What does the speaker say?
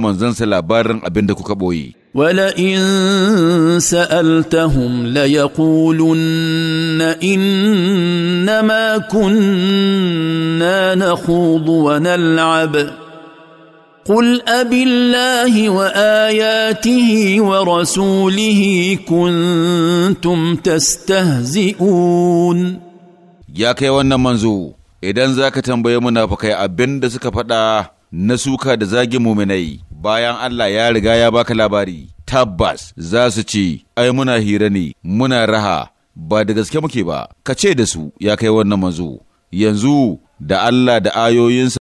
manzansa labarin abin da kuka ɓoye. Wala in sa’altahum la ya na in na kunna na wa nal'ab Qul abillahi wa ayatihi wa rasulihi kuntum tastahzi'un Ya kai wannan manzo, idan za ka tambaye muna fa kai abin da suka faɗa na suka da zagin muminai. bayan Allah ya riga ya baka labari tabbas za su ce ai muna hira ne muna raha ba da gaske muke ba ka ce da su ya kai wannan manzo yanzu da Allah da ayoyinsa